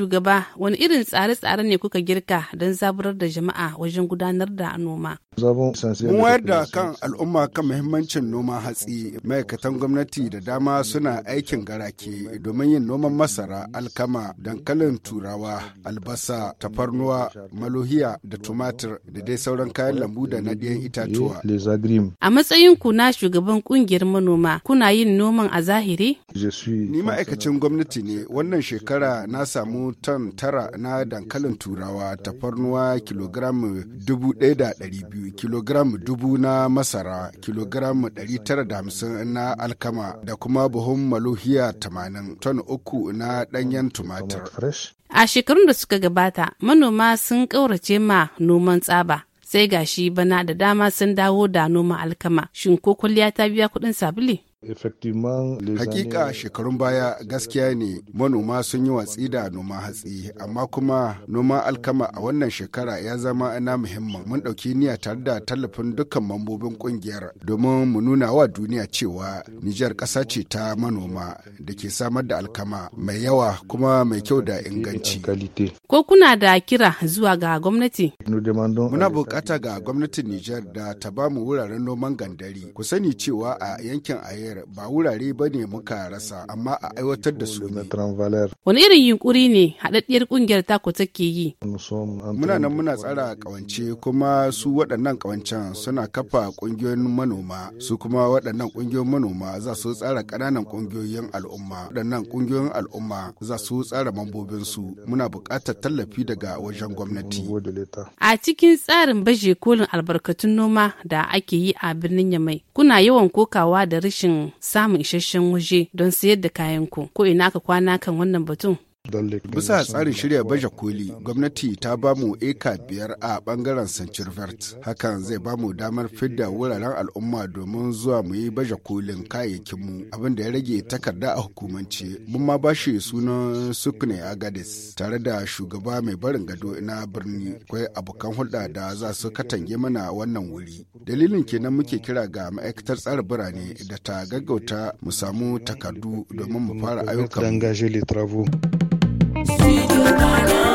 shugaba wani irin tsare-tsare ne kuka girka don zaburar da jama'a wajen gudanar da noma mun wayar da kan al'umma kan muhimmancin noma hatsi ma'aikatan gwamnati da dama suna aikin garake domin yin noman masara alkama dankalin turawa albasa tafarnuwa malohiya da tumatir da dai sauran kayan lambu da na ɗiyan itatuwa a matsayin ku na shugaban kungiyar manoma kuna yin noman a zahiri ni ma'aikacin gwamnati ne wannan shekara na samu ton tara na dankalin turawa tafarnuwa kilogram dubu ɗaya da ɗari biyu kilogram dubu na masara kilogram ɗari tara da hamsin na alkama da kuma buhun maluhiya tamanin ton uku na ɗanyen tumatir. A shekarun da suka gabata manoma sun ƙaurace ma noman tsaba. sai gashi bana da dama sun dawo da noma alkama shin ko kwalliya ta biya kuɗin sabili Hakika shekarun baya gaskiya ne manoma sun yi watsi da noma hatsi, amma kuma noma alkama a wannan shekara ya zama na muhimmin. Mun ɗauki niyya tare da tallafin dukkan mambobin ƙungiyar domin mu nuna wa duniya cewa Nijar ƙasa ce ta manoma da ke samar da alkama mai yawa kuma mai kyau da inganci. Ko kuna da kira zuwa ga gwamnati? Muna bukata ga gwamnatin Nijar da ta ba mu wuraren noman gandari. Ku sani cewa a yankin Ayer Niger ba wurare ba ne muka rasa amma a aiwatar da su ne. Wani irin yunkuri ne haɗaɗɗiyar ƙungiyar tako take yi? Muna nan muna tsara ƙawance kuma su waɗannan ƙawancen suna kafa ƙungiyoyin manoma su kuma waɗannan ƙungiyoyin manoma za su tsara ƙananan ƙungiyoyin al'umma waɗannan ƙungiyoyin al'umma za su tsara mambobinsu muna buƙatar tallafi daga wajen gwamnati. A cikin tsarin baje kolin albarkatun noma da ake yi a birnin Yamai kuna yawan kokawa da rashin samun isasshen waje don sayar da kayan ku ko ina ka kwana kan wannan batun Bisa tsarin shirya baje koli, gwamnati ta ba mu eka biyar a bangaren Sancirvert. Hakan zai ba mu damar fidda wuraren al'umma domin zuwa mu yi baje kolin kayayyakin mu. abin da ya rage takarda a hukumance. Mun ma ba shi sunan Sukne Agades tare da shugaba mai barin gado na birni akwai abokan hulɗa da za su katange mana wannan wuri. Dalilin kenan muke kira ga ma'aikatar tsara birane da ta gaggauta mu samu takardu domin mu fara ayyukan. See you,